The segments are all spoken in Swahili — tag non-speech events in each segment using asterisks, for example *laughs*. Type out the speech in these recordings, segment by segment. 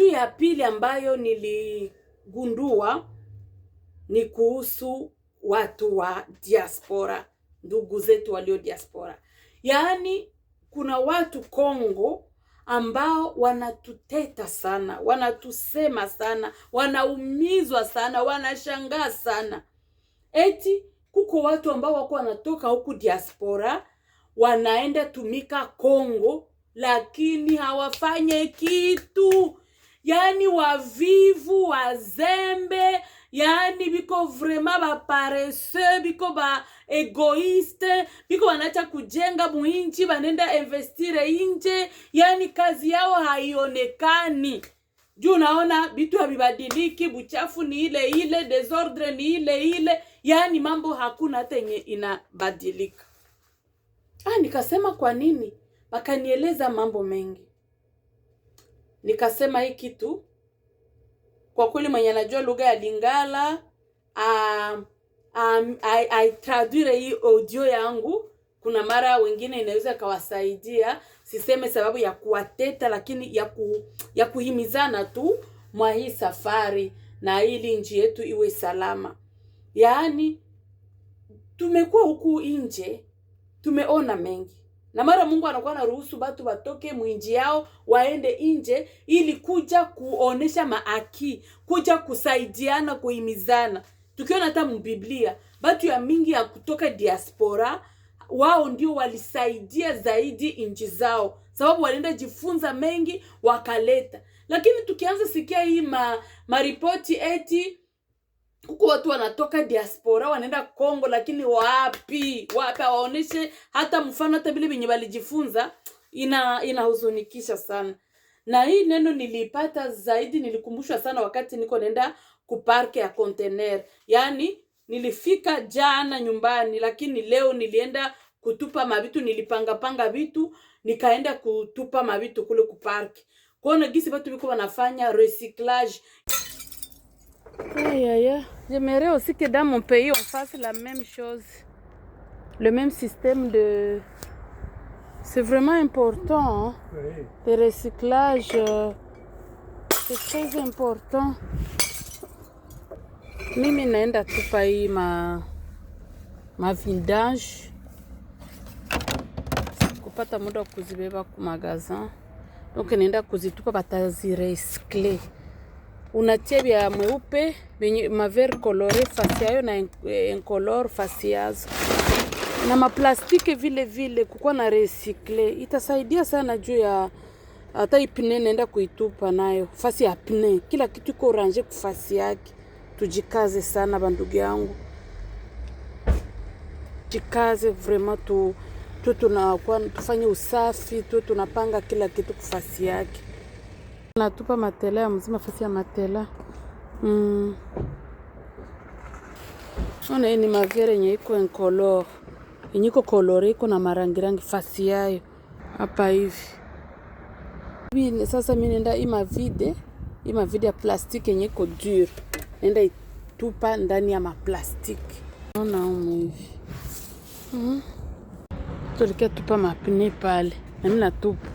Kitu ya pili ambayo niligundua ni kuhusu watu wa diaspora, ndugu zetu walio diaspora, yaani kuna watu Kongo ambao wanatuteta sana, wanatusema sana, wanaumizwa sana, wanashangaa sana, eti kuko watu ambao wako wanatoka huku diaspora wanaenda tumika Kongo, lakini hawafanye kitu yaani wavivu wazembe yani biko vraiment baparesseux biko egoiste, biko wanacha kujenga muinchi banenda investire inje yaani kazi yao haionekani juu naona vitu havibadiliki buchafu ni ile ile desordre ni ile ile yaani mambo hakuna hata yenye inabadilika ah nikasema kwa nini wakanieleza mambo mengi nikasema hii kitu kwa kweli, mwenye anajua lugha ya Lingala aitraduire ah, ah, hii audio yangu. Kuna mara wengine inaweza ikawasaidia, siseme sababu ya kuwateta, lakini ya, ku, ya kuhimizana tu mwa hii safari na ili nchi yetu iwe salama. Yaani tumekuwa huku nje tumeona mengi na mara Mungu anakuwa anaruhusu batu batoke mwinji yao waende nje, ili kuja kuonesha maaki, kuja kusaidiana, kuhimizana. Tukiona hata mbiblia batu ya mingi ya kutoka diaspora, wao ndio walisaidia zaidi nchi zao, sababu walienda jifunza mengi wakaleta. Lakini tukianza sikia hii maripoti ma eti huko watu wanatoka diaspora wanaenda Kongo, lakini wapi wapi, hawaoneshe hata mfano, hata vile venye walijifunza. Ina inahuzunikisha sana, na hii neno nilipata zaidi, nilikumbushwa sana wakati niko naenda kuparke ya container. Yani nilifika jana nyumbani, lakini leo nilienda kutupa mavitu, nilipangapanga vitu nikaenda kutupa mavitu kule kuparke, kuona gisi watu viko wanafanya recyclage Aïe, J'aimerais aussi que dans mon pays, on fasse la même chose. Le même système de... C'est vraiment important. Hein? Oui. recyclage. Euh, c'est très important. Mimi naenda tupa pas ma, ma vintage kupata je wa kuzibeba magasin, donc naenda kuzitupa, bataziresikle unatia vya mweupe maver kolore fasi yayo na encolor eh, fasi yazo na maplastike vile vile, kukuwa na resikle itasaidia sana juu ya hata ipne naenda kuitupa nayo fasi ya pne, kila kitu iko oranje kufasi yake. Tujikaze sana bandugu yangu, jikaze vraiment tu, tu tunakuwa tufanye usafi tu tunapanga kila kitu kufasi yake anatupa matela ya mzima fasi ya matela mm. Ona hii ni mavere yenye iko encolor yenye iko kolore iko na marangirangi fasi yayo hapa hivi. Sasa mi nenda ima vide ima vide ya plastiki yenye iko dure, nenda itupa ndani ya maplastiki. Ona umu hivi mm. Tulikia tupa mapine pale, nami natupa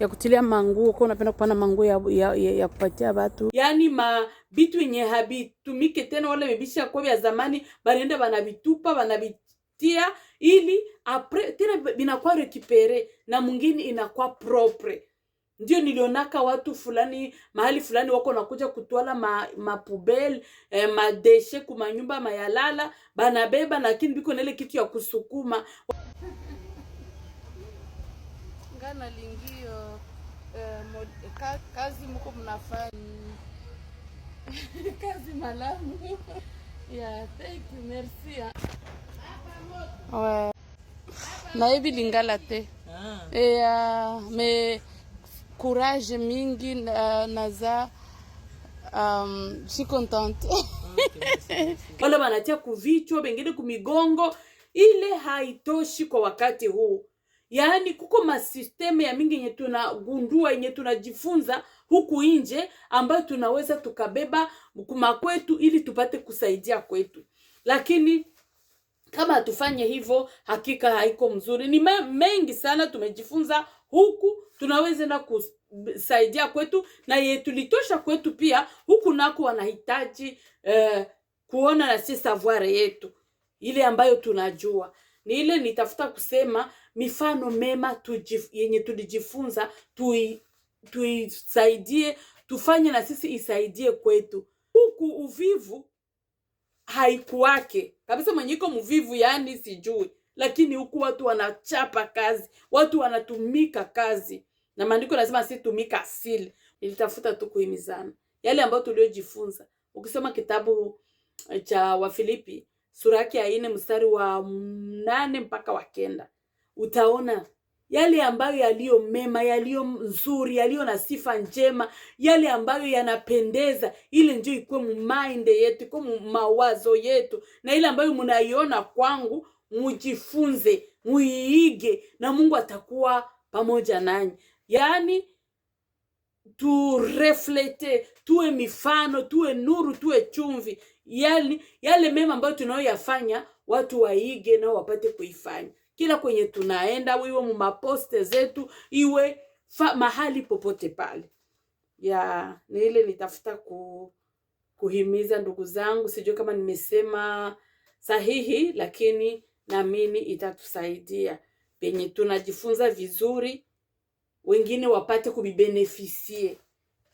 ya kutilia manguo kwa unapenda kupana manguo ya, ya, ya, ya kupatia batu, yani vitu yenye habitumike tena, wale bibisha kwa vya zamani banaenda banavitupa banavitia, ili apre tena binakuwa rekipere na mwingine inakuwa propre. Ndio nilionaka watu fulani mahali fulani wako nakuja kutwala mapubel ma eh, madeshe kumanyumba mayalala banabeba, lakini biko na ile kitu ya kusukuma kulingana lingio eh, mod, ka, kazi mko mnafanya *laughs* kazi malamu *laughs* yeah, thank you, merci ah. na hivi lingala te ah. e, uh, me courage mingi uh, naza um, si contente *laughs* wale wanatia kuvichwa, bengine kumigongo, ile haitoshi kwa wakati huu yaani kuko masisteme ya mingi yenye tunagundua yenye tunajifunza huku nje ambayo tunaweza tukabeba mkuma kwetu ili tupate kusaidia kwetu, lakini kama hatufanye hivyo, hakika haiko mzuri. Ni mengi sana tumejifunza huku, tunaweza na kusaidia kwetu na ye tulitosha kwetu, pia huku nako wanahitaji eh, kuona na si savoir yetu ile ambayo tunajua. Ni ile nitafuta kusema mifano mema tujif, yenye tulijifunza tui, tuisaidie tufanye na sisi isaidie kwetu. Huku uvivu haikuwake kabisa, mwenye iko mvivu yaani sijui, lakini huku watu wanachapa kazi, watu wanatumika kazi, na maandiko lazima si tumika asili. Nilitafuta tu kuhimizana yale ambayo tuliojifunza. Ukisoma kitabu eh, cha Wafilipi sura yake ya nne mstari wa nane mpaka wa kenda utaona yale ambayo yaliyo mema, yaliyo nzuri, yaliyo na sifa njema, yale ambayo yanapendeza, ile ndio ikuwe mumainde yetu, ikuwe mumawazo yetu, na ile ambayo mnaiona kwangu mujifunze, muiige, na Mungu atakuwa pamoja nanyi. Yaani tureflete, tuwe mifano, tuwe nuru, tuwe chumvi, yaani yale mema ambayo tunayoyafanya watu waige nao wapate kuifanya kila kwenye tunaenda, iwe mumaposte zetu, iwe fa, mahali popote pale ya ni ile nitafuta ku, kuhimiza ndugu zangu, sijui kama nimesema sahihi, lakini naamini itatusaidia penye tunajifunza vizuri, wengine wapate kubibenefisie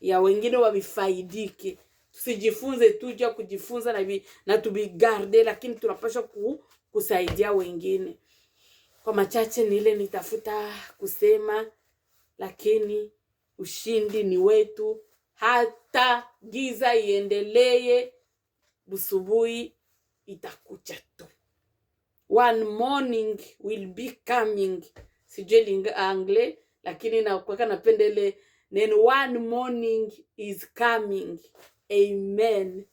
ya wengine wabifaidike. Tusijifunze tuja kujifunza na, na tubigarde, lakini tunapaswa ku, kusaidia wengine. Kwa machache ni ile nitafuta kusema, lakini ushindi ni wetu, hata giza iendelee, busubuhi itakucha tu. One morning will be coming. Sijui linga angle, lakini nakwaka napenda ile neno one morning is coming. Amen.